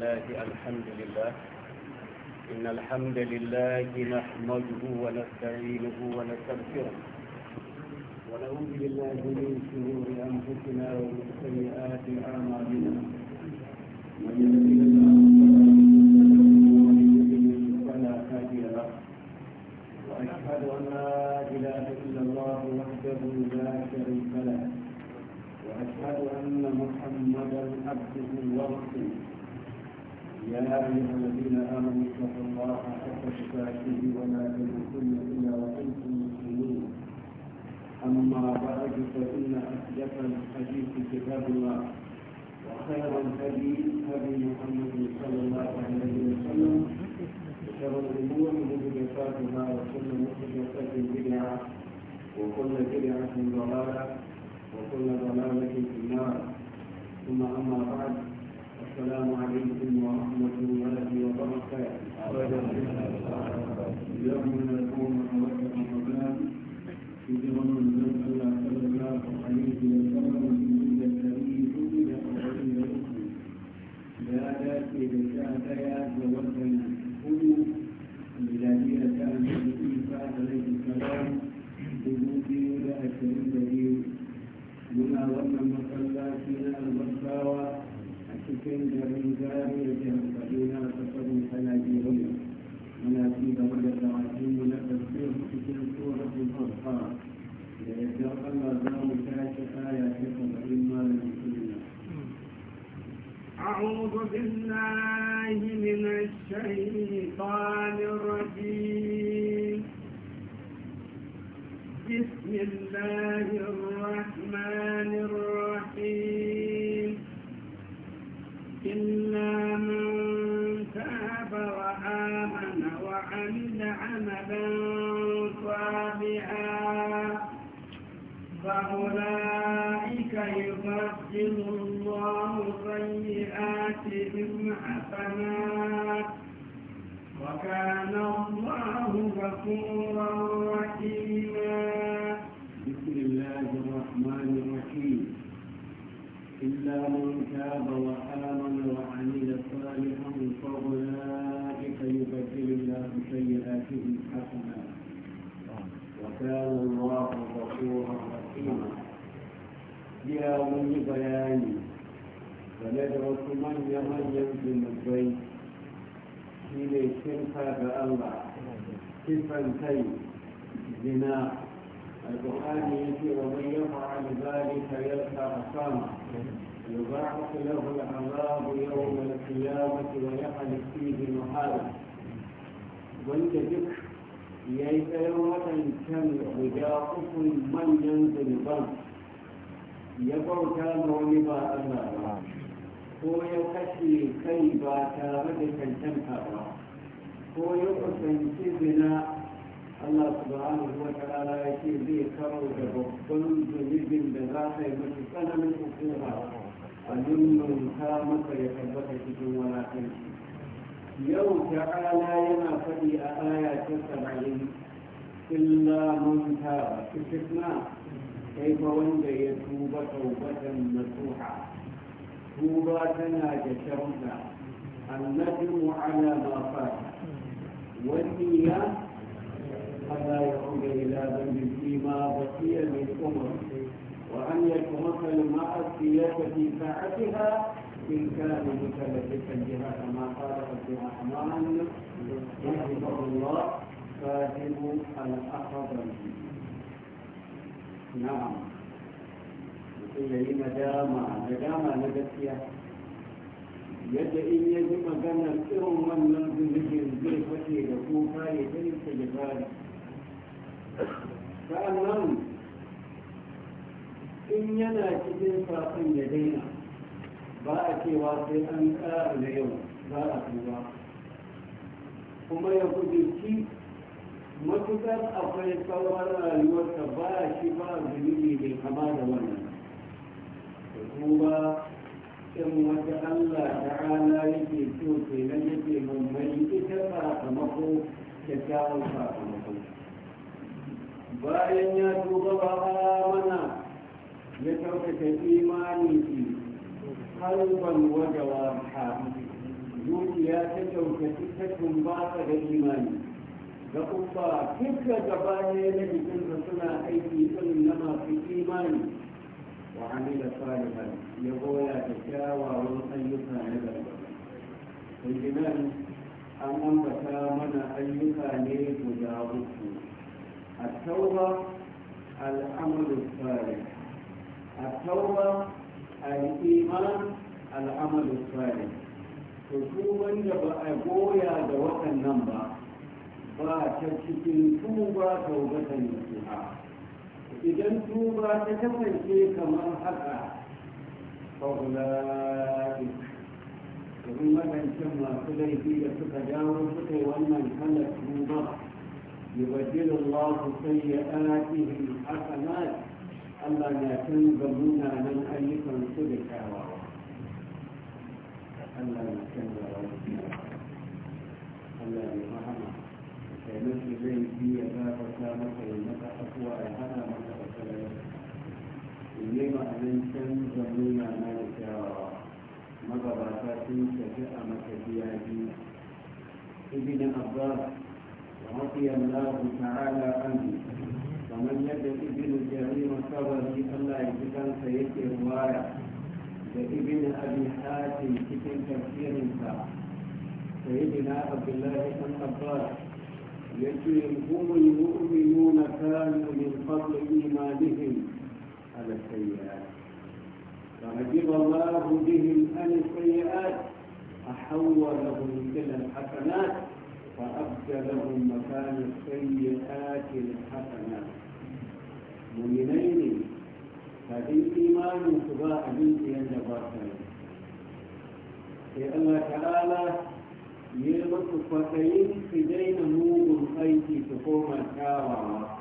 لله الحمد لله إن الحمد لله نحمده ونستعينه ونستغفره ونعوذ بالله من شرور أنفسنا ومن سيئات أعمالنا من يهده الله فلا هادي له وأشهد أن لا إله إلا الله وحده لا شريك له وأشهد أن محمدا عبده ورسوله يا أيها الذين آمنوا اتقوا الله حق تقاته وما تموتن إلا وأنتم مسلمون أما بعد فإن أصدق الحديث كتاب الله وخير الهدي هدي محمد صلى الله عليه وسلم وشر الأمور محدثاتها وكل محدثات بدعة وكل بدعة ضلالة وكل ضلالة في النار ثم أما بعد السلام عليكم ورحمة الله وبركاته يوم نكون حوالي رمضان في رمضان الشيطان الرجيم بسم الله الرحمن الرحيم إلا من تاب وآمن وعمل عملا صالحا فأولئك يبدل الله سيئاتهم حسنات وكان الله غفورا رحيما بسم الله الرحمن الرحيم إلا من تاب وآمن وعمل صالحا فأولئك يبدل الله سيئاتهم حسنا وكان الله غفورا رحيما يا ولي بياني فندرس من يمن ينزل البيت shi ne shirka ga Allah sifantai zina البخاري يجي ومن يفعل ذلك يلقى أصاما يضاعف له العذاب يوم القيامة ويحلف فيه محالا وانت ذكر يأتي يوم كان وجاءكم من ينزل بنك يبوتا نوني با الله ko ya kashe kai ba tare da cancanta ba ko ya kusanci zina Allah subhanahu wa ta'ala ya ce zai karo da babban zunubin da za ta yi masu tsananin hukuma a nunnunta masa ya tabbata cikin walakanci yau ta'ala yana faɗi a aya ta saba'in illa mun ta cikin kai fa wanda ya tuba taubatan nasuha طوبى لنا جشرنا الندم على ما فات والنية ألا يعود إلى ذنب فيما بقي من عمر وأن يتمثل مع السياسة في ساعتها إن كان متلبسا بها كما قال عبد الرحمن رحمه الله فاهم الأخضر نعم sai ya yi nadama nadama na gaskiya yadda in ya ji maganar irin wannan zunubin zai fashe da kuka ya gani ta gifari sa'annan in yana cikin fasin ya daina ba a cewa sai an ƙara na yau za a duba kuma ya kudurci matukar akwai sauran rayuwarsa ba shi ba zunubi mai kama da wannan tuba 'yan wata Allah da rana yake so na yake mummuni ita sakamako kyakkyawan sakamako bayan ya tuba ba mana ya kyautata imani ban halban wajawa ha zuciya ta kyautata ta ta da imani ga kuma kika gaba ne na jikinsa suna aiki irin na masu imani وعمل صالحا يقول تشاوى أيك نذر الجنان أن أنبت من أيك ليك جابته التوبة العمل الصالح التوبة الإيمان العمل الصالح tuban da ba a goya da waɗannan ba ba ta cikin tuba taubatan nasuha idan tuba ta kasance kamar haka faula'i domin waɗancan masu laifi da suka dawo suka yi wannan kalar tuba يبدل الله سيئاتهم حسنات Allah na canza munanan ayyukan su da kyawawa. Allah na canza wa Allah ne rahama. kai mace zai iya gafarta maka ya maka afuwa ya hana maka asalai in yi ma'anin canza nuna na da kyawawa magabata sun tafi a maka biya biyu ibn abbas رضي الله تعالى عنه ومن يد ابن جرير صبري الله يجزم سيدي روايه لابن ابي حاتم في تفسير سيدنا عبد الله بن عباس يجي هم المؤمنون كانوا من قبل إيمانهم على السيئات فعجب الله بهم عن السيئات فحولهم إلى الحسنات فأبدلهم مكان السيئات الحسنات مؤمنين فبالايمان إيمان تباع بنت ينجبات sai الله تعالى yi masu kwaɗayin su daina mugun aiki su koma kyawawa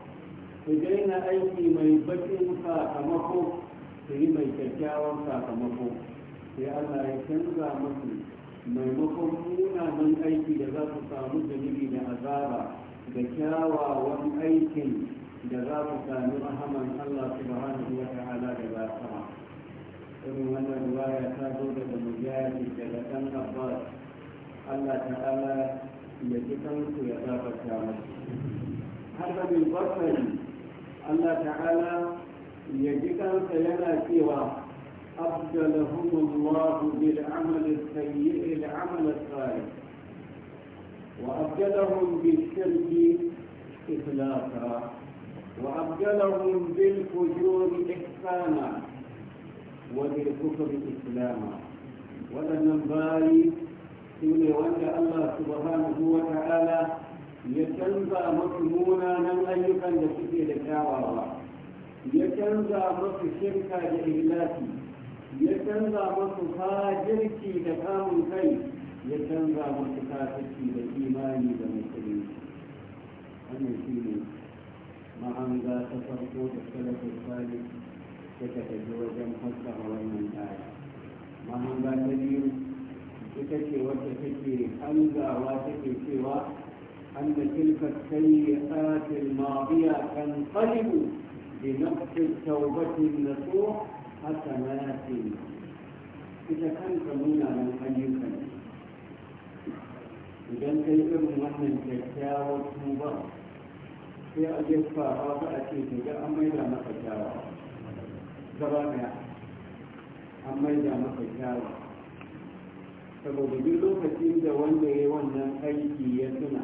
su daina aiki mai bakin sakamako su yi mai kyakkyawan sakamako sai allah ya canza musu maimakon munanan aiki da za su samu jariri da azaba da kyawawan aikin da za su sami rahaman allah subhanahu wa ta'ala da za irin wannan ruwaya ta zo daga mujahid daga ɗan abbas Allah ta'ala ya ji kansu ya gafarta masu har da bin Allah ta'ala ya ji kansa yana cewa أبدلهم الله بالعمل السيء العمل الصالح وأبدلهم بالشرك إخلاصا وأبدلهم بالفجور إحسانا وبالكفر إسلاما ولنبالي shine wanda Allah subhanahu wa ta'ala ya canza masu munanan ayyukan da suke da kyawawa ya canza masu shirka da ihlasi ya canza masu girki da kamun kai ya canza masu kafirci da imani da musulunci wannan shine mahanga ta farko da salafin salih ta tafi wajen fassara wannan ɗaya. mahanga ta biyu ita ce wacce take hanzawa take cewa anda tilka sayyi'atil madiya kan qalibu bi nafsin tawbatin nasu hasanati ita kanta nuna nan ayyuka idan ka kai irin wannan kyakkyawa tun ba sai a je fara ba a ce ta ga amma maida maka kyawa gaba daya amma maida maka kyawa saboda duk lokacin da wanda ya wannan aiki ya tuna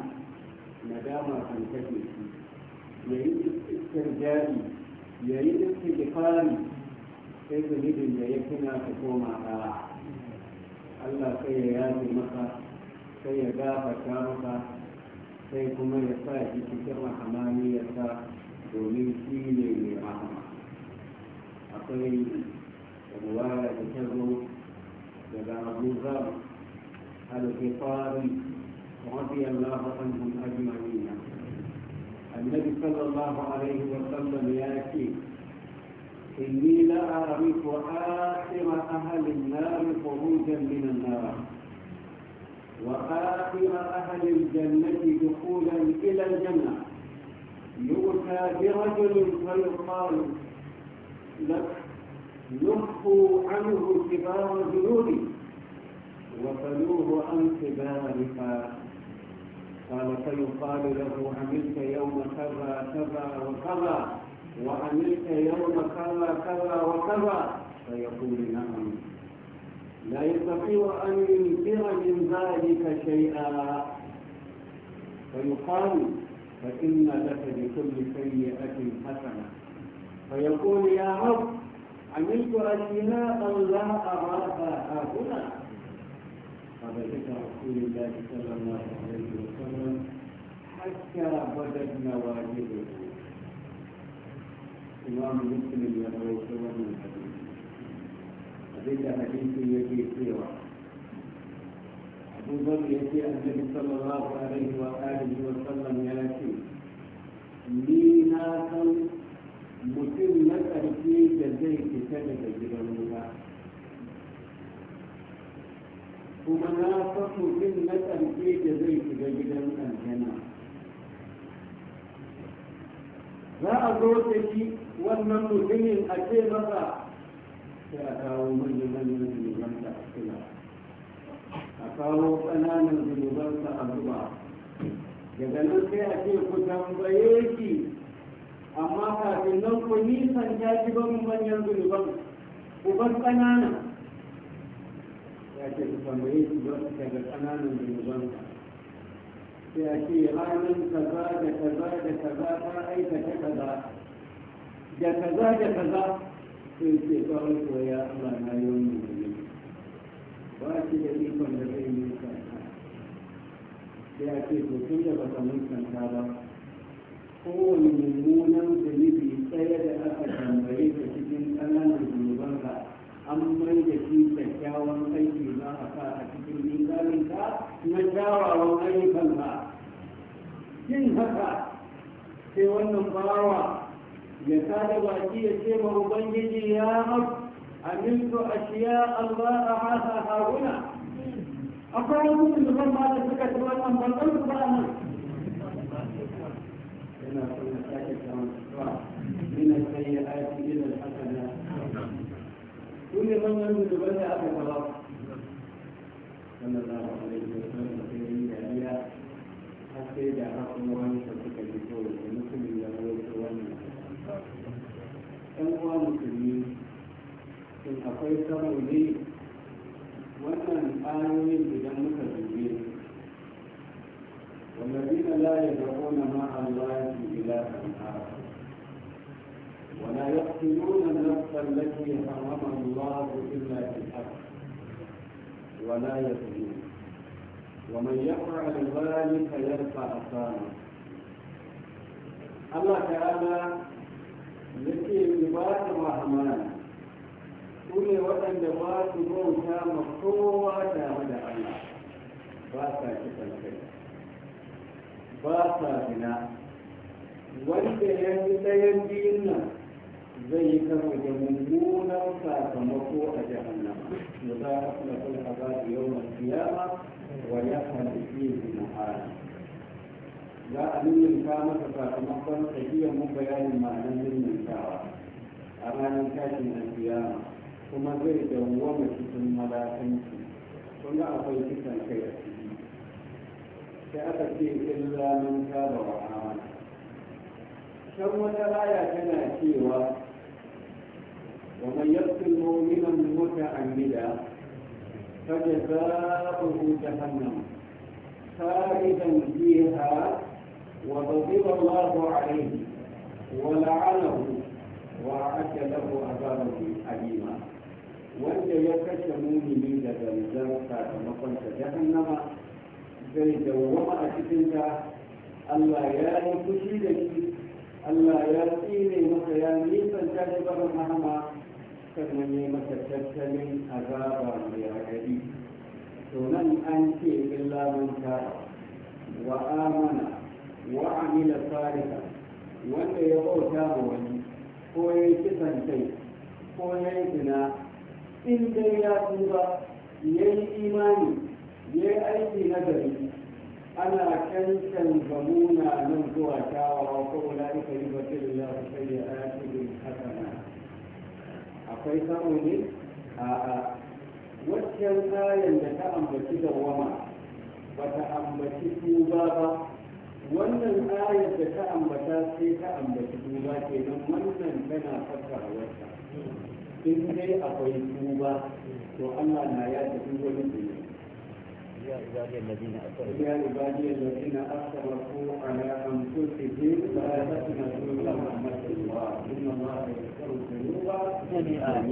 nadama kan kashe shi ya yi jari ya yi istirjifari sai zunubin da ya tuna ta koma ɗaya allah sai ya yaji maka sai ya gafarta maka sai kuma ya sa shi cikin rahamaniyarsa domin shi ne mai rahama akwai da ta zo daga abu zaɓa الخطاب رضي الله عنهم أجمعين النبي صلى الله عليه وسلم يأتي إني لأعرف آخر أهل النار خروجا من النار وآخر أهل الجنة دخولا إلى الجنة يؤتى برجل فيقال لك يخفوا عنه كبار جنودي وفلوه عن كبارها قال فيقال له عملت يوم كذا كذا وكذا وعملت يوم كذا كذا وكذا فيقول نعم لا يستطيع أن ينكر من ذلك شيئا فيقال فإن لك بكل سيئة حسنة فيقول يا رب عملت أشياء لا أراها هنا ذكر رسول الله صلى الله عليه وسلم حتى بدت واجبه إمام مسلم يروي سور الحديث هذا حديث يجي سيرة أبو ذر يجي النبي صلى الله عليه وآله وسلم يأتي لينا كم مسلم mutum na ƙarfi da zai fita kuma na fa mutum na ƙarfe da zai shiga gidan aljanna za a zo da shi wannan mutumin a ce masa sai a kawo manyan manyan zunubansa a kula a kawo ƙananan zunubanta a zuba daga nan sai a ce ku tambaye shi amma kafin nan ku nisan ya ci ban manyan zunuban ku ban ƙananan ya ce ku ba su daga ƙananan zunubanka sai ya ce ranar kaza da kaza da kaza ta aikata kaza da kaza da kaza sai ce kawai kuwa ya Allah na yi wani zunubi ba shi da ikon da zai yi kanta sai ya ce to tun da ba ka mun kanta ba kowane mummunan zunubi ɗaya da aka tambaye ka cikin ƙananan ka. an mai da shi kyakkyawan aiki za a sa a cikin misalin na kyawawan ayyukan ka yin haka sai wannan bawa ya sada baki ya ce ma ubangiji ya hau amintu ashiya Allah a hasa haruna akwai mutum da zan ba da suka ci wannan ban ɗan su ba nan yana son ya sake samun suwa min sayyi'ati ila al su ne manyan da aka kama sallallahu alaihi ثم معنى من شعر أمانا كاشن القيامة وما زي ومشي ثم لا ثم كنا أقيتك الخير سأتكي إلا من تاب وآمن شوة آية كنا سيوة ومن يقتل مؤمنا متعمدا فجزاؤه جهنم خالدا فيها وغضب الله عليه ولعنه وأعد له أليما wanda ya kashe mumini da gangan sakamakon ta jahannama zai dawwama a cikin Allah ya yi fushi da shi Allah ya tsine masa ya nisan da barin mahama sannan ya masa tattalin to nan wanda ya bauta ma wani ko ya yi kisan kai ko ya yi zina in dai ya tuba ya yi imani ya yi aiki na gari ana cancan gamuna nan zuwa kyawawa ko wula ika yi da ya fi sai ya haka na akwai samu ne a'a waccan kayan da ta ambaci dawwama ba ta ambaci tuba ba wannan ayar da ta ambata sai ta ambata duba ke nan wannan tana fata wata in dai akwai duba to Allah na ya ta duba da duba ya ibadi alladhina asrafu ala anfusihim la taqnatu min rahmatillah inna allaha yaghfiru dhunuba jami'a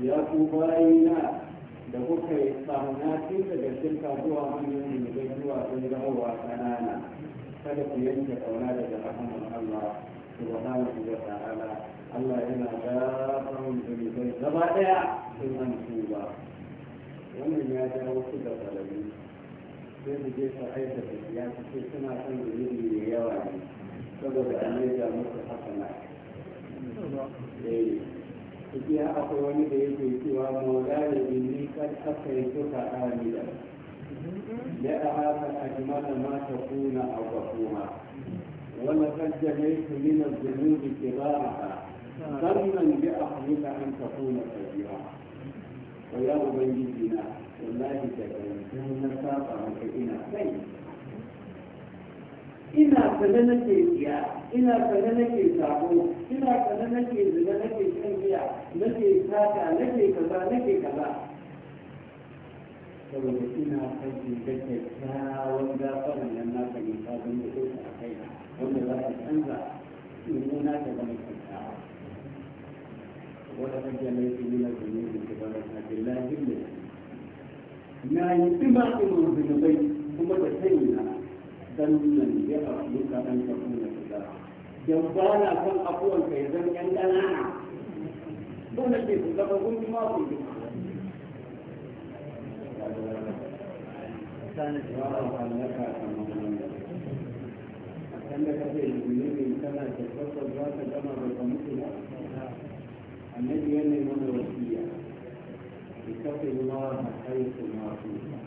ya na? da kuka yi tsamana tun daga shirka zuwa manyan zunubai zuwa sun zama ƙanana kada ku yanke kauna daga rahman Allah subhanahu wa ta'ala Allah yana da gafarun zunubai gaba ɗaya sun an tuba wannan ya jawo wasu da salami sai su je su aikata ya ce suna son zunubi da yawa ne saboda an yi da musu hasana. Eh. tafiya akwai wani da yake cewa mola da inni kan aka yi suka amida ya a haka ajmala ma ta kuna a kwakuma wala kan da ke ba a ka, sannan bi ahlika an takuna kabira wa ya ubangiji na wallahi da kai na saba maka ina kai ina sanar da tsiya ina sane nake sako ina sane nake zina nake shan giya nake sata nake kaza nake kaza saboda ina kai kake ta wanda fara nan na kan ta zama ko a kai wanda za ta canza mummuna ta zama kyakkyawa wanda ya mai kimiyya da ne da kibarar na billahi ne na yi tsima tsimin zunubai kuma da sani na dan nan ya a muka dan ka kuma yanzu ana son abuwan ka ya zan yan ƙanana don da ke su zama kun ji mafi yi kanda kafe ilimin ne kana ta tsakon za ta gama da kamutu ba annabi yan ne mana wasiya ki kafe ma a kai su mafi ba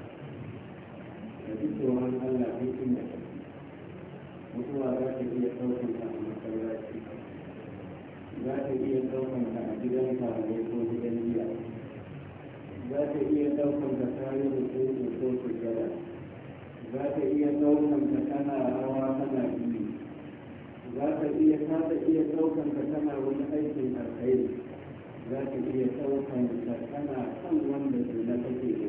da duk da wani allah ne kuma kafe mutuwa za ta iya ɗaukan ta a masallaci za ta iya ɗaukan ta a gidan karuwa ko gidan giya za ta iya ɗaukan ta ta yi rukuku ko sujjada za ta iya ɗaukan ta tana rawa tana biyu za ta iya ta ta iya ɗaukan ta tana wani aikin alkhairi za ta iya ɗaukan ta tana kan wanda suna take da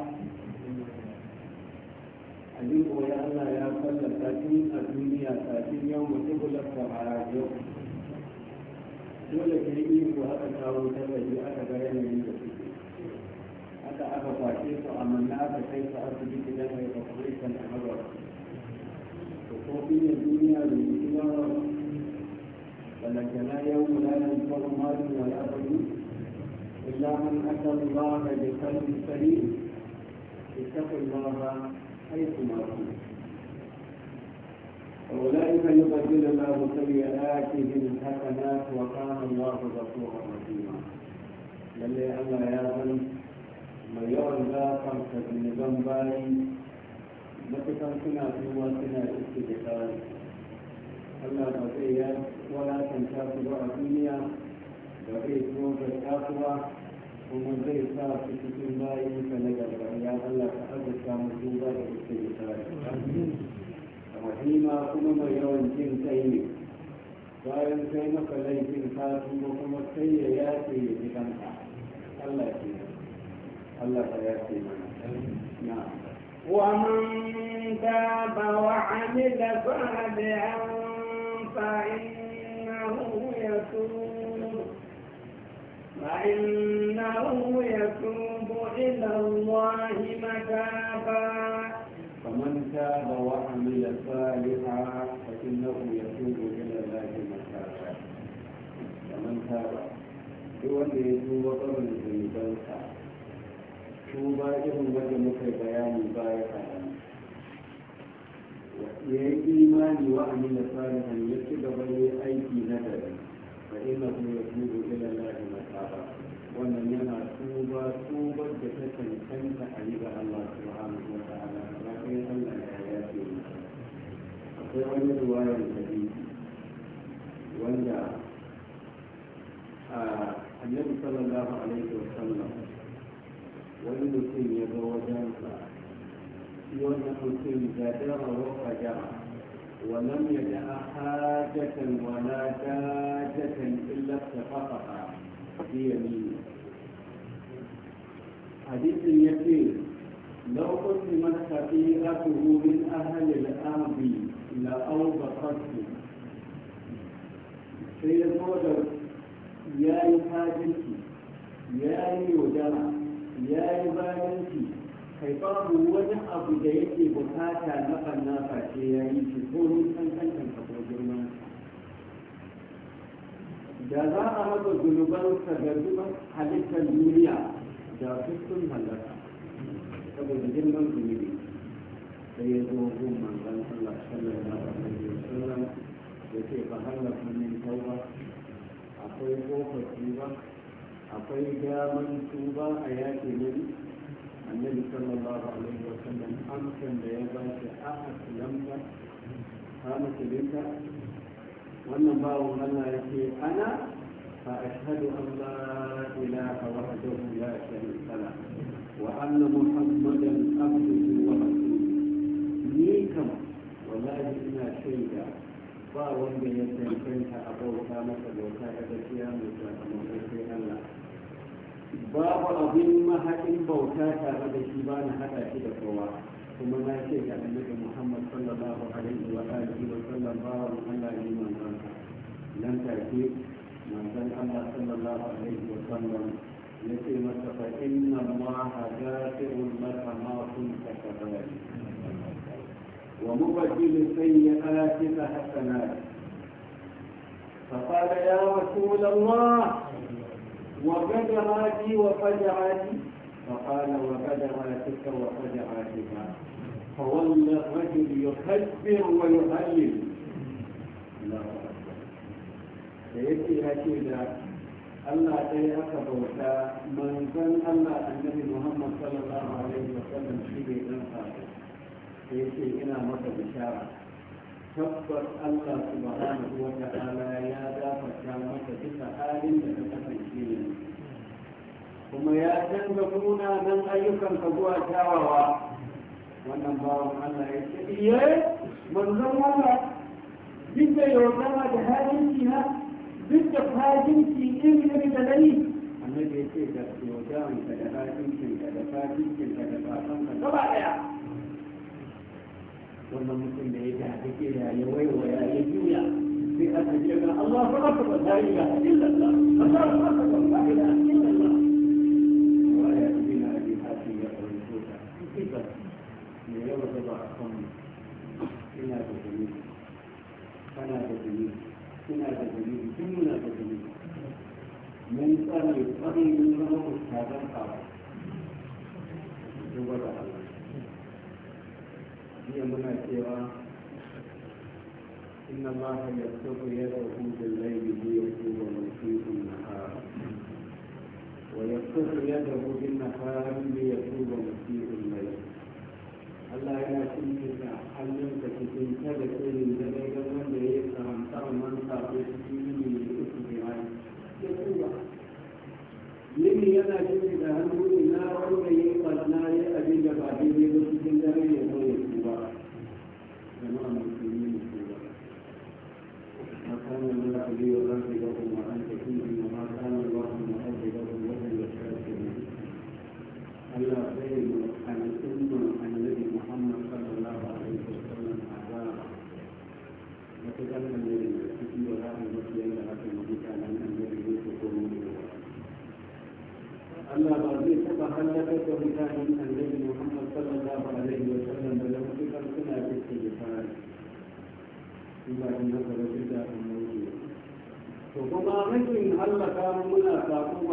sallar tafi a duniya tafi yau mutu bular samara yau dole ke yi ko aka kawo tallafi aka ga yanayin da suke aka aka kwace su a manna aka kai su asibiti don mai operation a hawa to ko ne duniya da mutu yawa balantana yau mulayen kwan malin wal abadu illa man aka Allah da kalbi sari اتقوا الله حيثما كنتم أولئك يبدل الله سيئاتهم حسنات وكان الله غفورا رحيما للي أنا يا من ما يرضى خمسة النظام باي متكم سنة سوى سنة استبقار الله بقية ولا تنشاف دعا الدنيا بقية موت الأقوى ومن زي صار في سبيل الله فنجد يا الله تحدث كامل سوى الاستبقار rahima kuma mai yawan jin kai ne bayan kai maka laifin ka tuba kuma sai ya yace ya ji kanka Allah ya Allah ya yace mana na'am ومن تاب وعمل صالحا فإنه يتوب فإنه duk wanda ya tuba kawai da zunubansa tuba irin wanda muka bayani baya kaɗan ya yi imani wa amina salihan ya ci gaba ya aiki na gari fa ina ku ya tuba ila lahi mataba wannan yana tuba tuba da ta cancanta a yi ga Allah subhanahu wa ta'ala ba kai Allah ya yafe masa akwai wani ruwayar hadisi wanda a ah, annabi sallallahu alaihi wa sallam wani mutum ya ga wajensa shi wannan mutum da dara wa fajara ولم يدع حاجة ولا داجة إلا اتفقها بيمينه حديث يسير لو قسمت خطيئته من أهل الأرض لأوبقته sai ya ya yi hajjinki ya yi yaudara ya yi bayanci kai babu wani abu da yake bukata na ɓanna face ya yi shi ko mun san kankan ko girman da za a raba ka ga zuban halittar duniya da sun halaka saboda girman zunubi sai ya zo gun manzan Allah sallallahu alaihi wasallam ya ce fa halaka min tauba akwai kofar ba akwai daman tuba a yaƙi nan annabi sallallahu alaihi wa sallam amsan da ya ba shi a aslamta ka musulunta wannan bawon Allah ya ce ana fa ashhadu an la ilaha wahdahu la sharika la wa anna muhammadan abduhu wa rasuluhu ni kam wallahi ina shaida ba wanda ya cancanta a bauta masa bauta da gaskiya mai sakamakon sai Allah babu abin mahaɗin bauta tare da shi ba na haɗa shi da kowa kuma na ce ga annabi Muhammad sallallahu alaihi wa alihi wa sallam wa Allah ne manzon nan take manzon Allah sallallahu alaihi wa sallam ya ce masa fa inna Allah ghafirun laka ma kunta kadhalik ومبدل السيئات فحسنات فقال يا رسول الله وفجعاتي وفجعاتي فقال وفجعاتك وفجعاتك فظل الرجل يكبر ويهلل سيأتي أكيد الله سيأتي بوتا من كان الله النبي محمد صلى الله عليه وسلم في بيت الخالق sai ce ina maka bishara tabbas Allah subhanahu wa ta'ala ya gafarta maka duka halin da ka kasance ne kuma ya canza kuna nan ayyukan ka zuwa kyawawa wannan bawan Allah ya ce iye manzon Allah duk da yaudara da halinki na duk da fajinki iri da dalili annabi ya ce da yaudaran da halin da fajinkin ka da fasanka gaba daya wannan mutum da ya tafi kira ya waiwaya ya juya sai aka je ga Allah fa aka ba da ila illa Allah Allah fa aka ba da ila illa Allah wa ya ibn abi hatim ya rubuta ta kifa ne ya wata ba kan ina da dani kana da dani ina da dani kin muna da dani mun tsare tsare mun zama mutaban kawai يده بالليل ليكون مسيء النهار ويبسط يده بالنهار ليكون مسيء الليل Allah ya cinye ka hannunka cikin kada irin da daga wanda ya karanta man sabo cikin yini da uku da hali ya tuba yini yana cinye da hannu na wanda ya yi barna ya abin da ba daidai ba su to do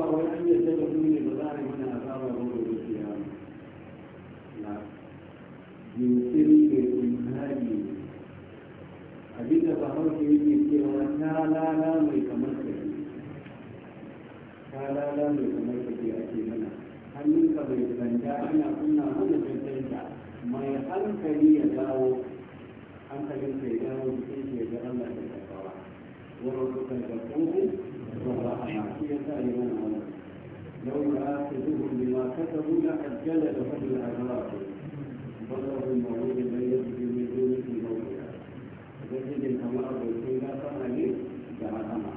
wai an yadda da mu ne ba za a yi mana azaba ba da gaskiya na yunkiri da imhari abinda ba hauke yake cewa ta lala mai kamar ta lala mai kamar ke ake mana hannunka mai tsanta ana kunna mana tantanta mai hankali ya dawo hankalinka ya dawo jikin ya ga Allah da wurin suka ga kuma لو يؤاخذهم بما كتبوا لقد جلد فضل الاغراض بلغ المولود لا يجد من دونه موضع تجد الامر والسنه فعليه دعا الامر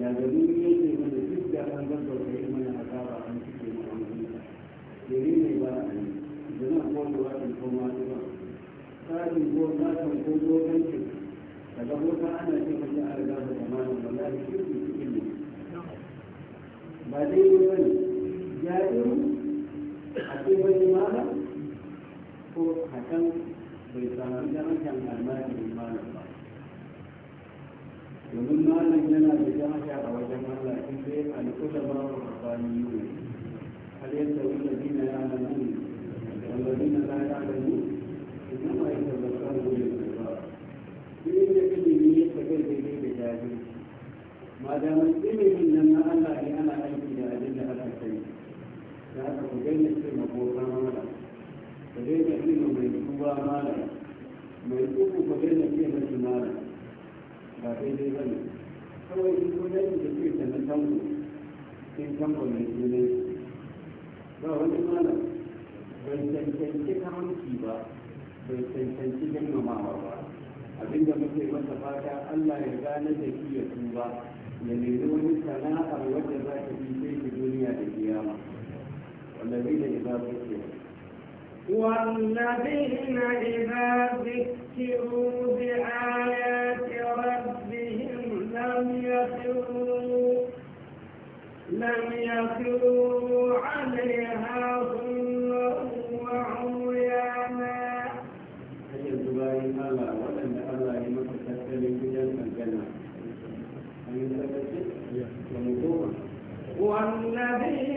يا جميل يجب ان تبدا ان تبدا العلم ان اثار ان تكون عمليه يريد عباره جناح قول واحد قوم واحد قائد قول واحد قول واحد daga boka ana ce mace a da zamanin wallahi shirki cikin ne ba dai ne bane ya iru a ce wani malam ko hakan bai samu jami'an almarin malam ba domin malam yana da jami'a a wajen Allah in dai al'ula ba wa rabbani yiwu har yadda wanda dina ya alamu wanda dina la ya alamu inna ma yadda zakaru ne jahilci madamin ilimin nan na Allah ne ana aiki da abin da aka sani da aka ku daina ce makokan mala ku daina ce ma mai tuba mala mai uku ku daina ce ma shi mala ba daidai ba ne kawai in ku daina da ce ta Tanko, tango in tango mai tunai ba wani mala bai cancanci kamanci ba bai cancanci girmamawa ba abinda muke masa fata Allah ya gane da shi ya tuba ya nemi wani sana'ar wadda za ta fi sai shi duniya da kiyama والذين إذا ذكروا والذين إذا ذكروا بآيات ربهم لم يخروا لم يخروا عليها الذين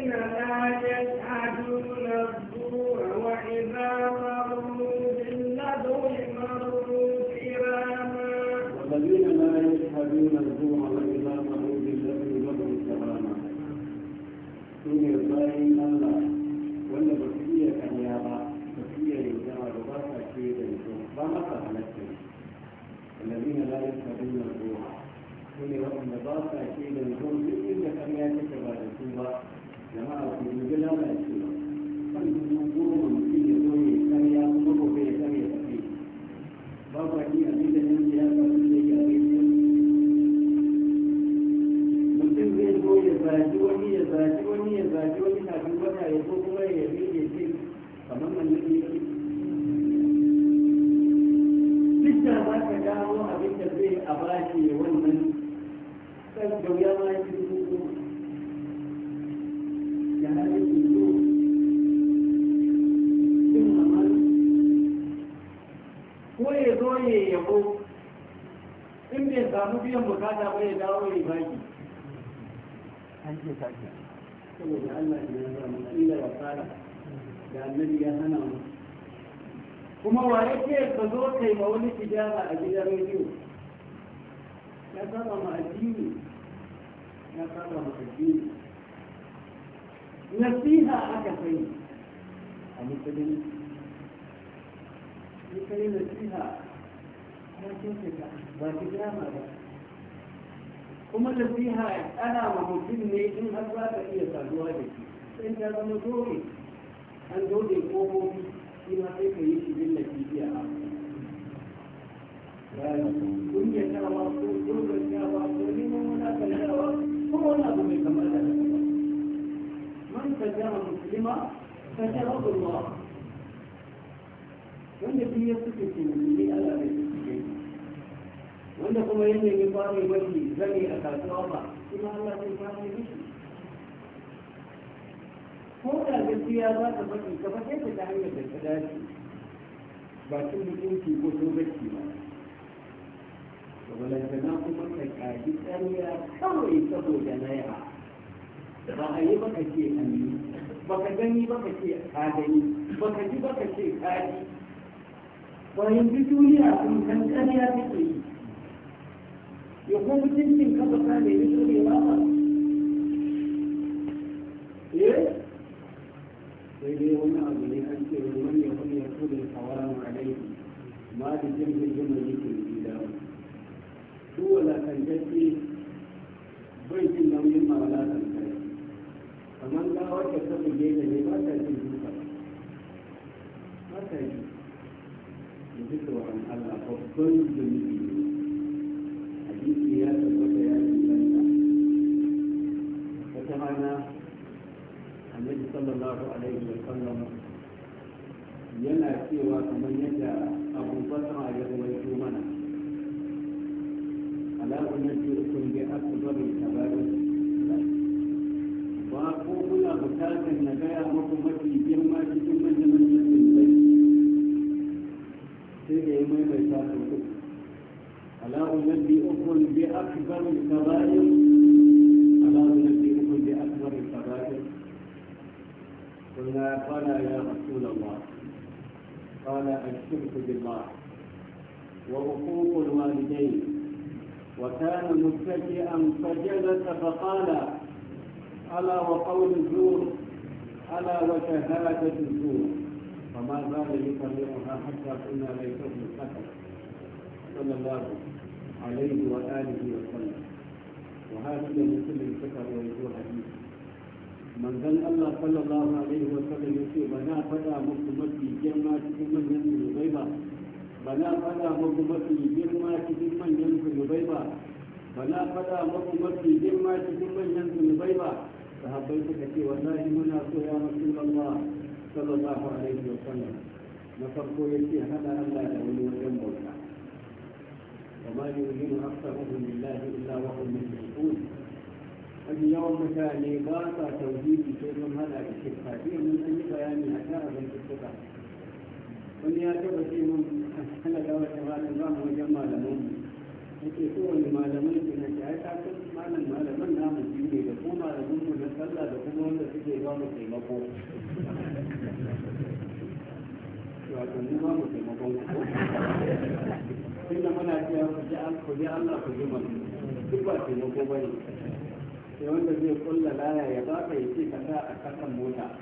Allah bai dawo baki an ce wa kuma wa yake ka zo kai ma wani tijara a gidan rediyo ya saba ma addini ya saba ma addini nasiha aka sai a Ni kai nasiha ya kyautata ba ta gama ba kuma da nasiha ana ma mutum ne in har za ka iya saduwa da shi sai ta zama dole an dole kofofi shi ma sai ka yi shi bin ko ko ko wani abu mai kamar da man ka jama musulma ka jama wanda ya suke musulmi Allah wanda kuma ya nemi kwame zane a kasuwa ba kuma Allah zai kwame mafi ko da gaskiya za ka faɗi ka faɗe ta ta hanyar da ta dace ba cin mutunci ko dogaci ba balantana kuma ka kaji tsariya kawai saboda naira ba a yi baka ce an yi baka gani baka ce ka gani baka ji baka ce ka Ba bayan duk duniya sun san tsariya take yi ya kuma mutuncin kafa ka ne ya shirya ba ba eh sai dai wani abu ne an ce wani ya kuma ya kuma ya kawara ma alaihi ma da jirgin jimar yake gida duk walakantacce bai jin da nauyin ma walakantacce kamar ga wata ta buge da ne ba ta jin duka ba ta yi da duka wa Allah babban zunubi ne الله عليه وسلم متكئا فجلس فقال ألا وقول الزور ألا وشهادة الزور فما زال يكررها حتى قلنا ليته سكت صلى الله عليه وآله وسلم وهذه مسلم سكر ويزور حديث من ذن الله صلى الله عليه وسلم يقول بنا فدا مكتمتي جمع تكون ينزل غيبا بنا فدا مكتمتي جمع تكون ينزل غيبا ba na faɗa maku mafi girma cikin manyan zunubai ba sahabbai suka ce wallahi muna so ya rasulullah sallallahu alaihi wa sallam na farko yace hada Allah da wani wajen bauta وما يؤمن أكثرهم بالله إلا وهم مشركون أن يوم كان باقى توحيد شيء هذا الشرك فيه من أي بيان أشار بين الشرك وأن يأتي بشيء من أحسن دولة هذا النظام وجمال المؤمن yake kowane malamai ke na ya ta kan malam malaman namu biyu ne da ko malamin mu na sallah da kuma wanda suke ba mu taimako wato mu ba mu taimakon ku tun da muna cewa ku ji ku ji Allah ku ji mana duk ba taimako ba ne sai wanda zai kulla laya ya ba ka yace ka sa a kasan mota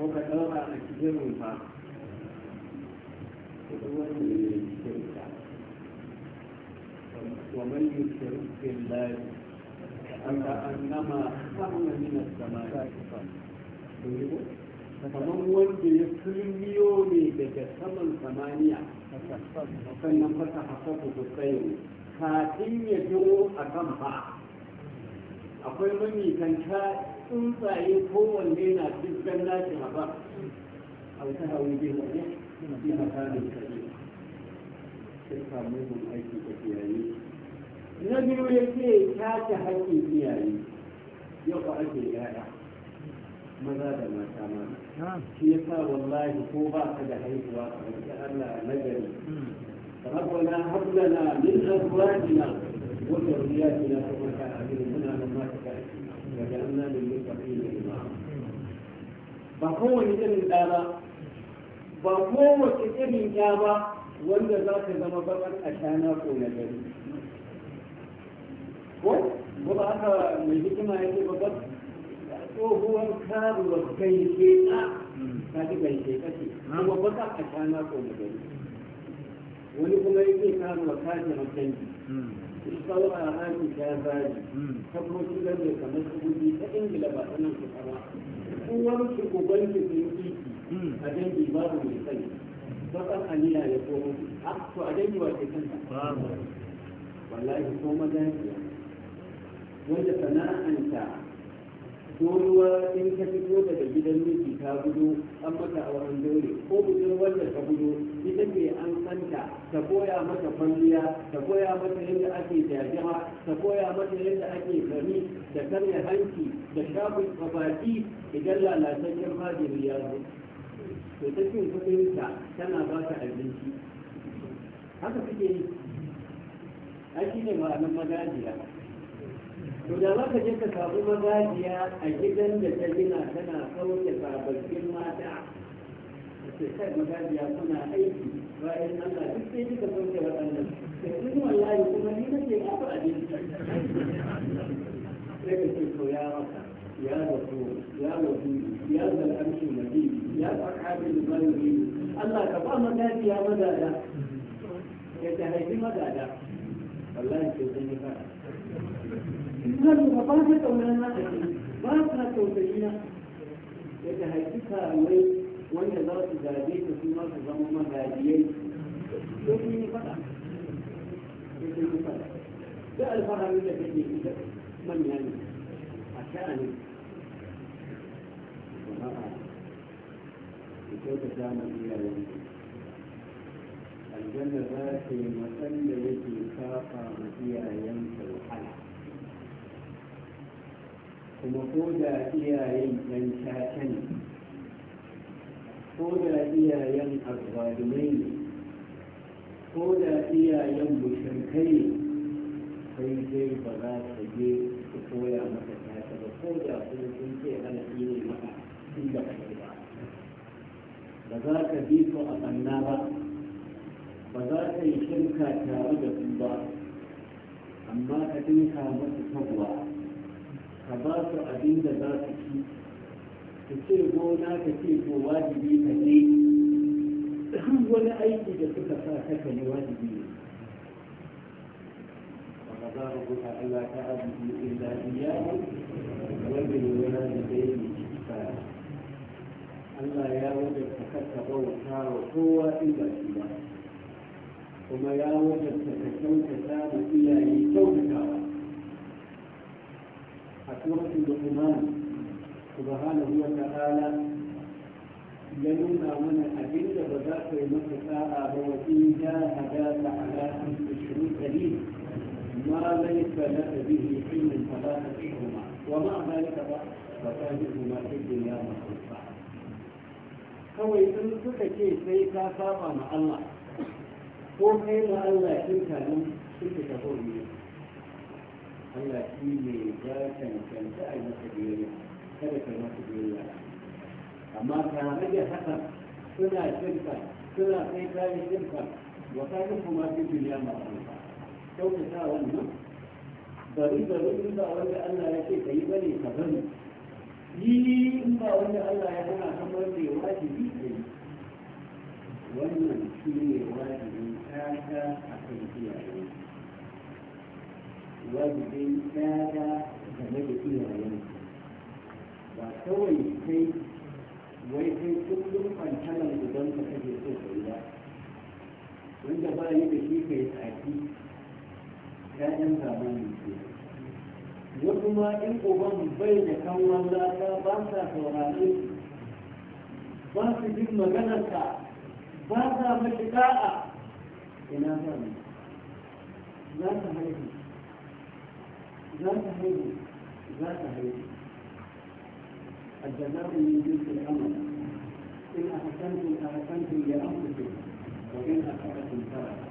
ko ka ɗauka a cikin rumfa. Kudu wani ne kyauta. ومن يشرك بالله خر من السماء kamar wanda ya kulmiyo ne daga saman samaniya sannan ku tsaye kafin ya jiro a kan ba akwai mamikanta tsuntsaye kowanne na duk ganna shi a suka aiki da iyaye na biyu ya ce ta ta haƙƙin iyaye yau ba ake yaya maza da mata ma shi ya sa wallahi ko ba ka da haihuwa a wajen Allah nagari ربنا هب لنا من ازواجنا وذرياتنا قرة اعين هنا لما تكلم وجعلنا للمتقين اماما ba kowane irin ɗa ba ba kowace irin ya ba wanda za ka zama baban a shana ko na gari ko ba ba haka mai hikima ya ce babban tsohuwar karuwar kai ke ta ta ji kai ke kashe kuma baka a shana ko na gari wani kuma ya ce karuwar kashe makanji Isau a hannun ta zari, ta kuma shigar da kamar su gudu ta ingila ba nan su kama. Kuwar su ku banki sun a dangi babu mai sani. bakan aliya ya komo a ah, to a dangi wace kanta wallahi ko magajiya wanda sana'anta doruwa in ka fito daga gidan miji ta gudu an mata auren dole ko budurwar wanda ta gudu ita ce an santa ta koya mata kwalliya ta koya mata yadda ake jajjawa ta koya mata yadda ake gari da karya hanci da shafin tsabaki idan lalataccen hajjiri ya zo to ta cin kudinka tana ba ka abinci haka suke yi a shi ne ma'anin magajiya to da za ka je ka samu magajiya a gidan da ta gina tana kauce sababbin mata ce kai magajiya kuna aiki bayan Allah duk sai duka kauce waɗannan sai kun wallahi kuma ni nake ba abinci sai ka ce to ya maka يا وفور يا وفور يا ذا الأمس المتين يا أصحاب المغيبين الله كفى مدادي يا مدادا يتهيدي مدادا والله يتهيدي مدادا إنها المفاهمة ولا ما أكيد باطنة توتينا يتهيدي كاوي وإن ذات ذاتي تسمى تزمم هاديين يتهيدي مدادا يتهيدي مدادا ده الفهم الذي يجب من يعني عشان kyautata ma iyayenku aljanna za ta yi matsan da yake kafa ma iyayensa wahala kuma ko da iyayen ɗan caca ne ko da iyayen azalumai ne ko da iyayen mushrikai ne sai dai ba za ta je su koya maka caca ba ko da kuma sun ce hana ne maka inda ba ba za ka bi su a sanna ba ba za ka yi shirka tare da su ba amma ka dinka masu tagwa ka ba su abin da za su ci ka ce gona ka ce ko wajibi ka ne wani aiki da suka sa ka kalli wajibi ne وقضى ربك ألا تعبدوا إلا إياه وبالوالدين إحسانا أما يا وجد تكتب وحار هو إلى إلى وما يا وجد تكتب إلا إلى يتوب كتاب أتوقع الدقمان سبحانه وتعالى لنمنا من أجل بذات المسكاء وإن جاهد على أن شيء لي ما ليس لك به علم فلا تشكرهما ومع ذلك ما في الدنيا مخلصا kawai sun suka ce sai ka saba ma Allah ko kai ma Allah kin kanin sun ta tafi ne Allah shi ne ya cancanta a yi biyayya kada ka masa biyayya amma tare da haka suna shirka suna sai ta yi shirka wa yi kuma fi duniya ma'amfa kyautata wannan bari bari in wanda Allah ya ce ka yi bane ka bane yi in ba wanda Allah ya hana kan wanda ya wajibi ne wannan shi ne wajibin kaka a kan iyaye wajibin kaka game da iyayen ba kawai kai wai kai kullum kwantanar gudan ka kake so ka yi ba wanda ba yi da shi kai tsaki ya'yan zamani ke ya ma in uban bai da kanwan lata ba sa saurare ba su jin maganarka ba sa mashi ka'a ina sa ne za ta haihu za haihu za haihu الجزاء من جنس الأمر إن أحسنتم أحسنتم لأنفسكم وإن أسأتم فرحا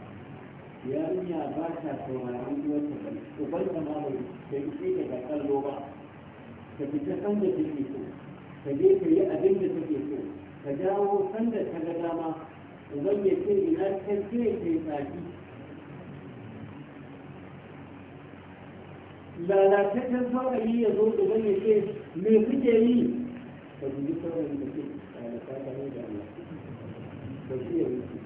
yarinya ba ta sauraron uwarta ba uban ta ma bai da ita daga kallo ba ta fita san da take so ta je ta yi abin da take so ta dawo san da ta ga dama uban ya ce ina ta ce ta yi tsafi lalataccen saurayi ya zo uban ya ce me kuke yi ka guji saurayi da ke a da Allah ba shi ya wuce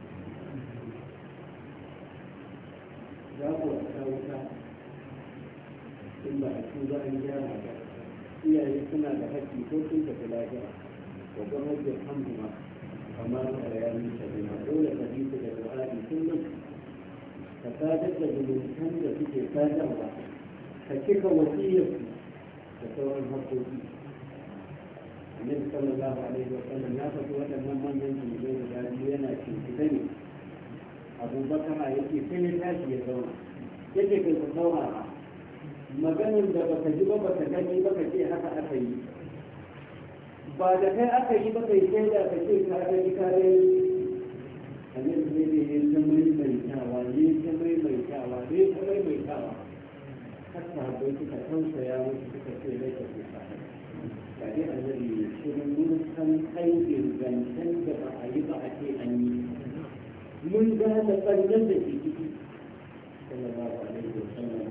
shago a kawuta in ba a su za a gyara ba iyaye suna da haƙƙi ko sun tafi lafiya ko kuma gwamnatin hamduma kamar da ya nisa ne ma dole ka bi su da ru'adi kullum ka sadar da zumuntan da suke sadarwa ka cika wasiyarsu da sauran haƙƙoƙi annabi sallallahu alaihi wa sallam ya faɗi waɗannan manyan jimilai da biyu yana cikin ne abubakar a yake sai ya tashi ya zauna yake kai ka saurara maganin da baka ji ba baka gani ba ka ce haka aka yi ba da kai aka yi ba kai sai da ka ce ka gani ka gani annabi ne da ya ta maimaitawa ne ta maimaitawa ne ta maimaitawa har sahabbai suka tausaya musu suka ce rai ka kuka ga dai annabi ne shirin mun san kai ingantan da ba a yi ba a ce an yi منذ تقدمت به صلى الله عليه وسلم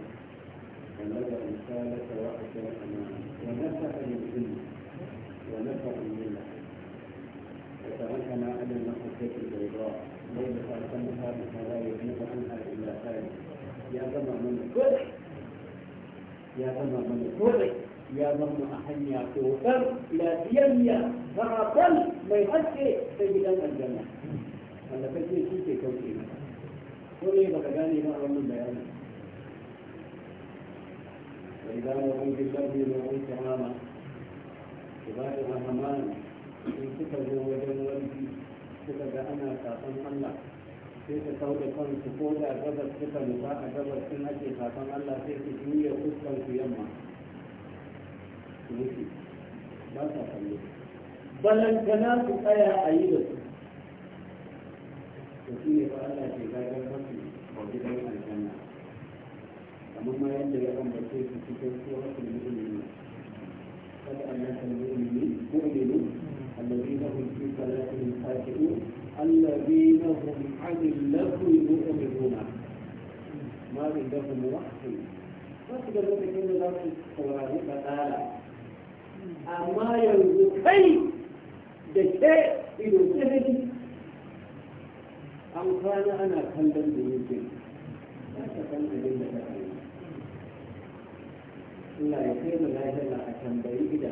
بلغ رسالة وحدة أمانة ونفع للأمة ونفع للملة وتركنا على المحجة البيضاء ليلة خاتمها فلا يغنب عنها إلا خير يا ظمأ من كل يا ظمأ من كل يا ظمأ أحن يا كوثر لا تيميا فقط ما يغشي سيدنا الجنة hallakacce shi ke kauce ko ne baka gane ba a wannan bayanin وإذا مروا باللغو مروا كراما عباده رحمن إن كتبوا وجن وجهي كتب أنا كافن الله sai ta kau da kansu ko da gabas suka nufa a gabas sun ake kafan Allah sai su juya fuskan su yamma su wuce ba sa su tsaya a yi da su وفيه فأنا في ذاك الفصل موجودا الجنة ومما يدعي أن بسيط في سورة المؤمنين قد أنس المؤمنين مؤمنون الذين هم في صلاتهم خاشعون الذين هم عن اللغو مؤمنون ما من لهم وقت wasu da lokacin da za su saurari fasara amma yanzu kai da ke ido ke an kwana ana kallon da yake za ta san abin da ta kai Allah ya kai mu lafiya a tambayi gida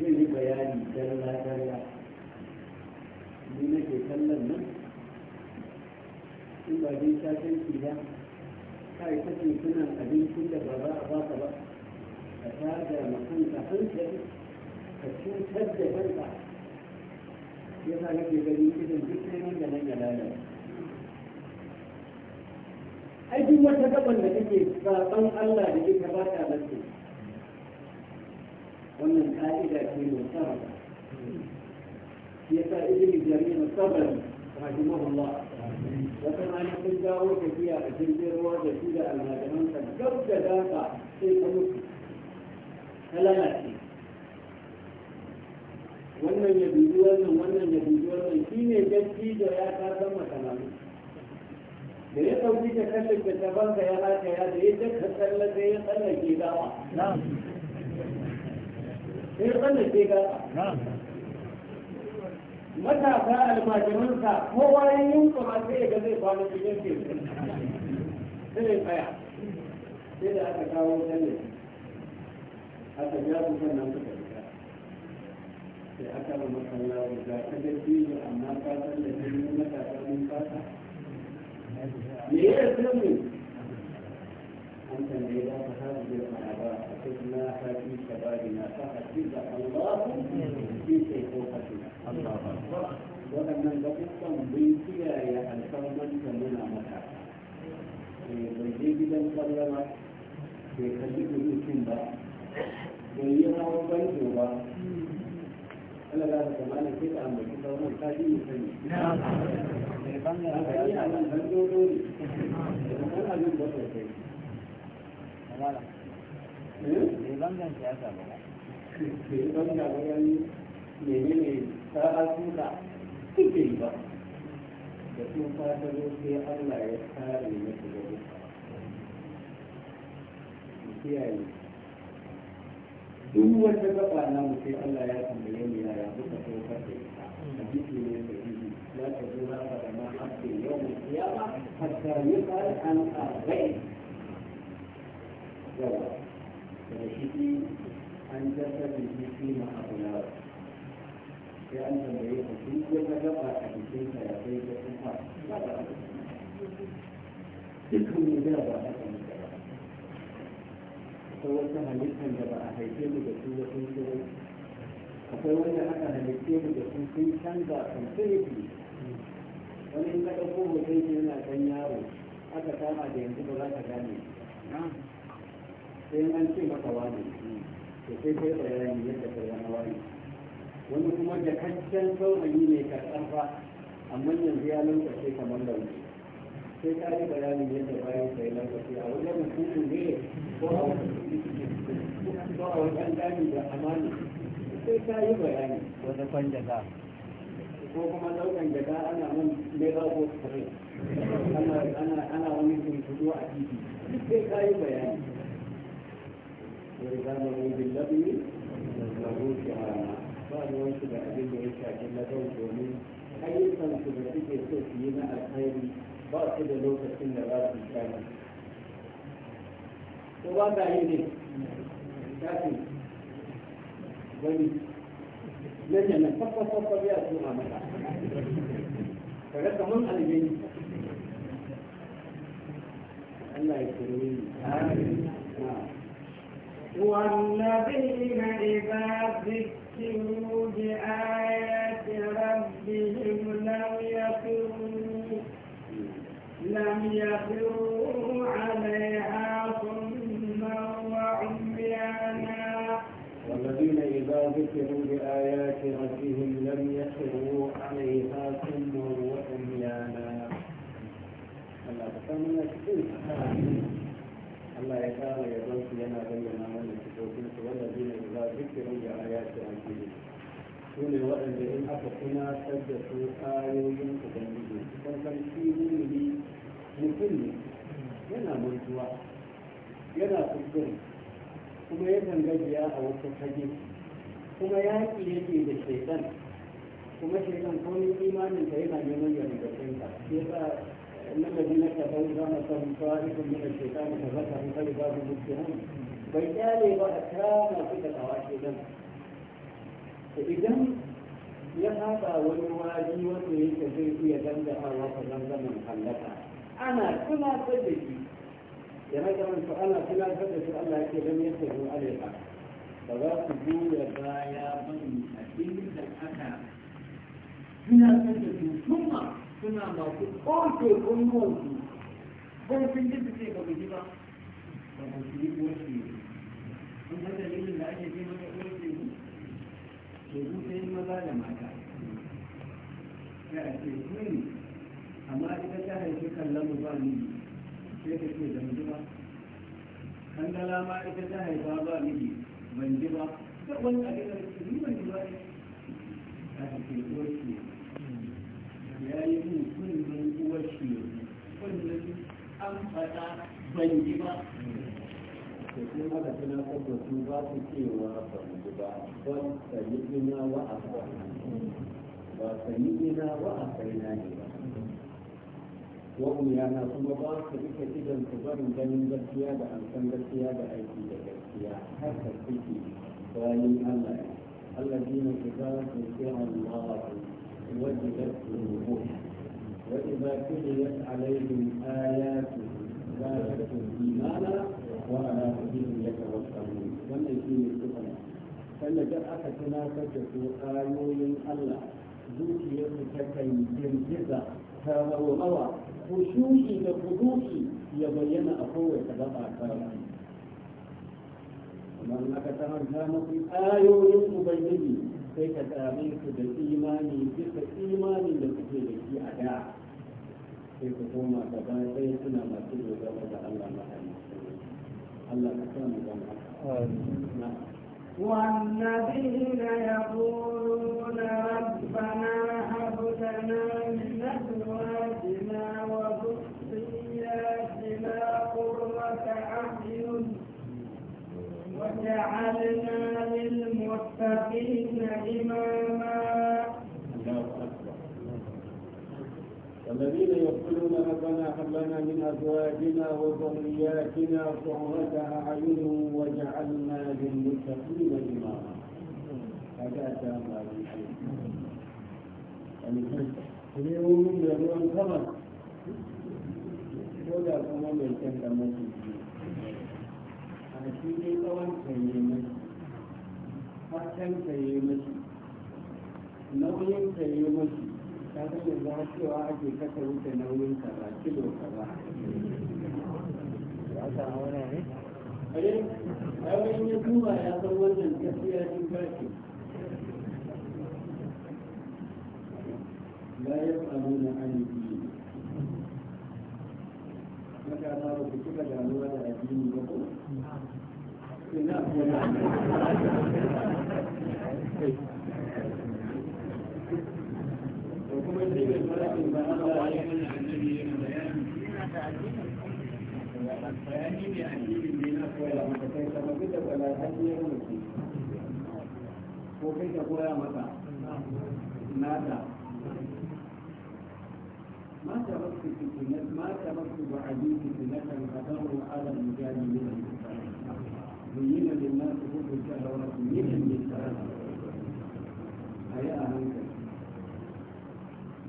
zai yi bayani don lafiya ni nake kallon nan in ba dai ta san ki ba kai kake suna abincin da ba za a baka ba ka tada ma kanka hankali ka cutar da kanka yasa nake gani idan duk sai nan da nan ya lalace ai duk wata gaban da kake zaɓen Allah da ita ba ta bace wannan ka'ida ce mai sama yasa ibn jami'a sabari rahimahullah wata rana sun dawo tafiya a jirgin ruwa da su da almajiransa gab da daka sai ta mutu ta lalace wannan ya dubi wannan wannan ya dubi wannan shi ne gaski da ya ta zama tamamin da ya ɗauki ka kallon da tabanka ya ya da ya jaka tsallaka ya tsallake gawa sai tsallake gawa matasa almajiransa kowa ya yi kuma sai ga zai kwana cikin ke sai tsaya sai da aka kawo tsallake aka ja kusan sannan suka fita sai aka ba maka lawo ga ta da biyu amma ka san da biyu na ka san mun fata me ya sani an tambaye za ka haɗu da ma'aba a cikin na haɗu shabari na ta haɗu da Allah shi sai ko haɗu Allah ba waɗannan gaɓuɓɓan bai kiyaye alfarman da muna mata bai je gidan sallama bai kalli rubutun ba bai yi hawan banjo ba ana za ka kama ne sai ka ambaci ta wannan kaji ne sani mai banga a kai a nan dan dodo ne da kuma abin da sosai mai eh? bangan siyasa ba mai banga wajen menene sa'a suka suke yi ba da sun fatan sai Allah ya kare musu da duka kiyaye duk wata gaba na mu sai Allah ya tambaye mu yaya muka saukar da ita hadisi ne da bibi la ta zura fa da ma hakke yau mu kiyama hatta yuqal an arba'i yawa da shi an jasa da shi fi ma abula sai an tambaye ka duk wata gaba a jikin ka ya kai ka tsufa dukkan mu da ba haka ta wata halittar da ba a haife mu da su wasu shirin akwai wanda aka halitte mu da su sun canza completely wani in ka ɗauko hoton shi yana kan yaro aka kama da yanzu ba za ka gane sai an ce maka wani da sai kai bayani yadda ka zama wani wani kuma da kaccen saurayi ne ka ba amma yanzu ya lantarki kamar da wuce sai ka yi bayanin yadda bayan sai lantarki a wajen mutum ne sai ka yi bayani ko kuma daukan jaga ana man lera ko kare ana wani tuntudo a titi sai ka yi bayani wai za mu yi billabi da rufe a ba ruwan shi da abin da ya shafi na zau domin ayyukan su da suke so su yi na alkhairi ba su da lokacin da za su yi ko ba ka yi ne shafi wani na jana tabbas tabbas ya tuna mata kaga kaman aljani Allah ya kare ni amin والذين إذا ذكروا بآيات ربهم لم يخروا لم يخروا عليها ذكروا بآيات ربهم لم يخروا عليها سما وعميانا الله تسمى الله يقال يدرس لنا بيننا من الكتابين والذين إذا ذكروا بآيات ربهم كل وأن إن أفقنا سجدوا آيوين كان في لي مثل ينا منتوى ينا تذكر kuma yakan gajiya a wasu fage kuma yaƙi yake da shaitan kuma shaitan komai imanin ka yana neman ya rubutun ka shi yasa nan da jinar ta zai zama san tsarikun da shaitan ka zaka mun kai babu mutum bai kyale ba a kama su da kawa shaitan idan ya haɗa wani wani wanda yake zai iya dangamawa ka zanzaman hallaka ana tunatar da shi ya rage ana tunatar da shi Allah yake don yake zo alaiha ba za ku goya baya bane a cikin da aka tunatar da su suna suna masu ƙoƙe ƙungonsu ƙarfin su sai ba ku ji ba ba ku ji ƙoƙe an san dalilin da ake ji mata ƙoƙe ne ke zuce maza da mata ya ce ne? Hmm, amma ita ta haifi kallon mu ba ni sai ta ce da mu ba kandala ma ita ta haifa ba ni miji ban ji ba da wani abin da ke ni ban ji ba a cikin uwarki ya yi mun kunnen uwarki kunnen an da kuma ba su cewa ban sanyi ina ba sanyi ina na ne ba wa umyana kuma ba ka rike idan ka barin ganin gaskiya da amsan gaskiya da aiki da gaskiya har ka suke bayan Allah ya Allah ji ne ka suke Allah wadda da rubu وإذا تليت عليهم آياته زادتهم إيمانا وعلى ربهم يتوكلون wannan shi ne sufana sannan da aka tunatar da su ayoyin Allah zuciyarsu ta kai girgiza ta rawa khushu'i da khudu'i ya bayyana a kowace gaba ta rayuwa kamar aka taranta mafi ayoyin ubangiji sai ka same su da imani bisa imanin da suke da shi a da sai ku koma ba sai suna masu dogara da Allah mahaifin Allah ka sa mu zama والذين يقولون ربنا هب لنا من أزواجنا وذرياتنا قرة أعين وجعلنا للمتقين إماما والذين يقولون ربنا هب لنا من ازواجنا وذرياتنا قرة اعين واجعلنا للمتقين اماما هذا كلام يعني اليوم من يوم الخمر ko da kuma mai kyan da mafi a shi ne tsawon kaye mafi fatan kaye mafi nauyin kaye mafi ta zama za cewa ake kasa wuce nauyin ba kilo ba? ya ta wani ne a yawon ya duba ya san wannan tafiya din karfi la yas'aluna an dini maka ba ku cika damuwa da addini ba ko ina kuma na ko kai ka koya mata nata ما تركت فتنة ما تركت بعدي فتنة تدور على الرجال من النساء زين للناس حب الشهوات من النساء هيا أنت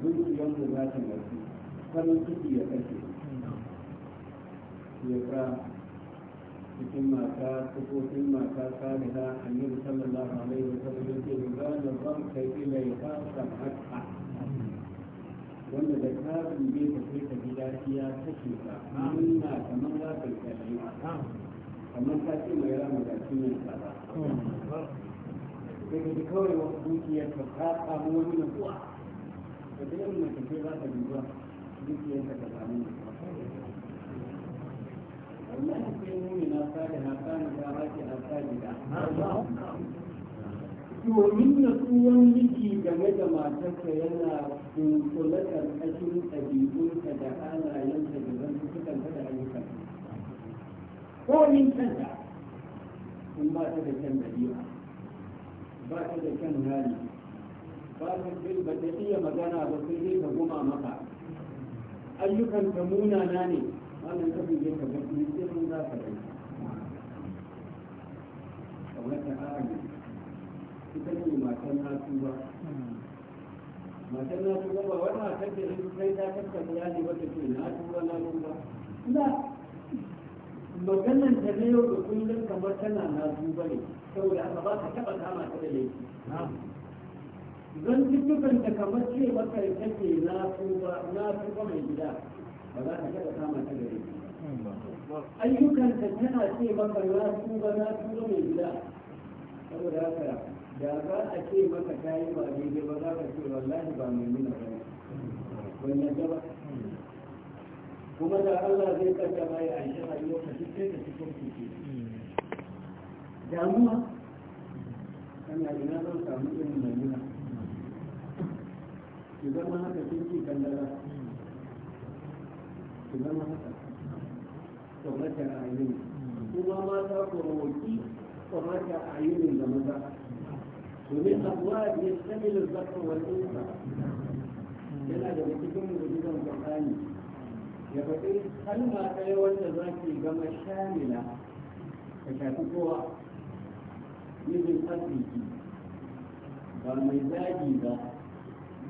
zuciyar da za ta mafi farin ciki ya kashe ya sa cikin mata sufofin mata saliha annabi sallallahu alaihi wa sallam yake da zan zanka ilaiha sab'ata wanda da ka dube ka sai ka ji daɗi ya kashe ka amma kamar za ka yi kamar ka ce mai rama da cinyan ka ba sai ka ji kawai wasu dukiyar ka ta samu wani nutsuwa domin na tsohon miki game da matarka yana dunkule ƙarƙashin ɗabi'unka da halayenka da zan sukan da ayyukan ko min kanta in ba ta da kyan ɗabi'a ba ta da kyan babin fil ba ta iya magana ba sai dai ka goma maka ayyukan ta munana ne wannan kafin je ka gafi sai mun za ka yi. kamar ta ari ita ne matan nasu ba matan nasu ba ba wani matan da in kai ta tattara iyali ba ta ce na tuba na tuba na maganan ta ne yau da kullum kamar tana nasu ba ne saboda haka ba ka taɓa kama ta da laifi Zan dukkan da kamar ce maka kake na tuba na tuba mai gida ba za ka taɓa kama ta gare ayyukan da tana ce maka na tuba na tuba mai gida saboda haka da za a ce maka ta yi ba daidai ba za ka ce wallahi ba mai nuna ba wannan ba. kuma da Allah zai kaddama ya aisha a lokaci sai da cikin kuke damuwa kana da zan samu irin mai nuna ki zama haka sun ki kandara ki zama haka kwamata a yin kuma mata roƙi kwamata a yin da maza domin abuwa ne ya sami da zaka wani yana da cikin mujizan kwamani ya faɗi kalma ɗaya wanda za ki gama shamila ka shafi kowa mijin asibiti ba mai zagi ba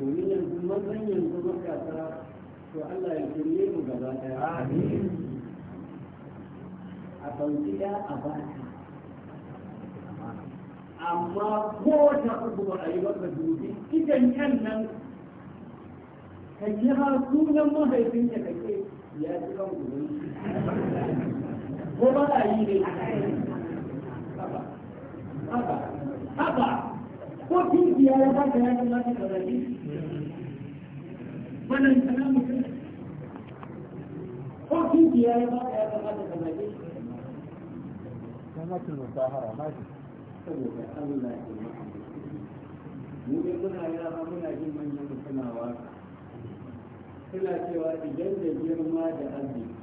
domin yanzu mazan yanzu matasa to Allah ya kirye mu gaba daya a bauciya a bata amma ko ta uku ba a yi maka dubi idan kan nan ka kira sunan mahaifinka ka ke ya ji kan gudun ko ba a yi ne haba haba haba ko dukiya ya ba ka ya kamata ka zaɓi wannan kalamu ko dukiya ya ba ka ya kamata ka zaɓi sanatul mutahara ma ji saboda Allah ya mu ne muna yara muna jin manyan mutunawa suna cewa idan da girma da arziki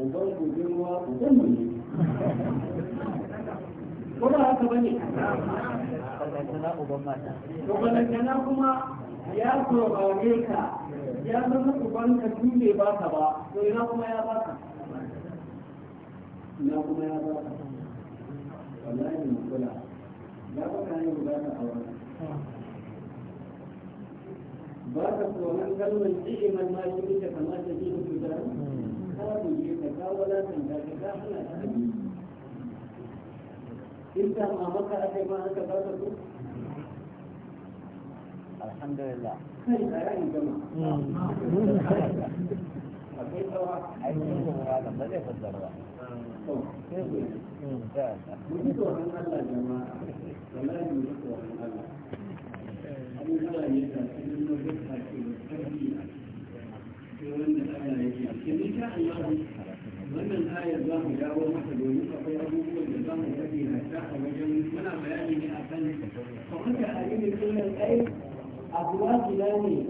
uban ku girma uban mu ne ko ba haka bane balantana uban mata to balantana kuma ya kurbaure ka ya zama uban ka dole ba ka ba to ina kuma ya ba ka ina kuma ya ba ka wallahi mu kula ya ba ka ne ba ka aure ba ka tsoron kalmar ni'imar ma shi ta kamata ji hmm. da su da ka mu je ka kawo lafiya ka ka hana ta inda a maka aka ma aka ba ta su alhamdulillah kai gama hmm. tsawa ba zai fassara ba to sai hmm, Allah jama'a Allah abin da ya ta cikin mutum wanda wannan ayar za mu dawo masa domin akwai abubuwan da za mu rabe na ta a wajen muna bayani ne a kan kamar da alimin sunan ai abuwa gida ne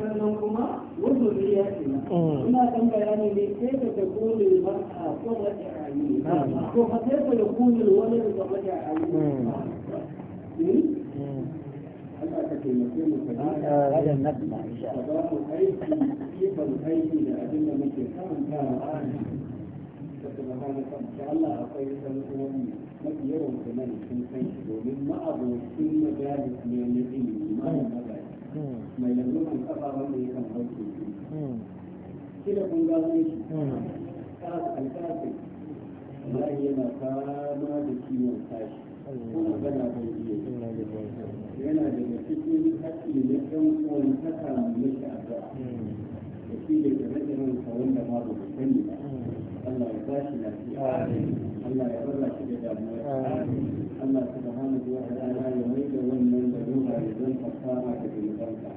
sannan kuma wasu riya ce ina kan bayani ne sai ka ta kone ba a kowace ayi ko fa sai ka kone wani da kowace ayi Allah ka taimake mu ka da nan na insha Allah. Ba mu aiki, ba mu aiki da abin da muke karanta wa ta kuma hannun kan shi Allah akwai san mafi yawan su nan sun san shi domin ma'abocin majalis ne na ilimi mara hmm. mai yanzu kan kafa wanda ya kan hauke shi hmm. shi da kun gano shi hmm. alkafin malai yana fama da ciwon tashi kuma gana bai iya yana daga cikin haƙƙi na ɗan uwan haka mai addu'a da shi da jami'in sa wanda ma sani ba Allah ya bashi lafiya Allah ya barra shi da damuwa Allah subhanahu wa ta'ala ya mai da wannan larura ya zan fasara da zunubanka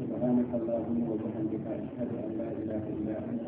subhanaka allahumma wa bihamdika ashhadu an la ilaha illa anta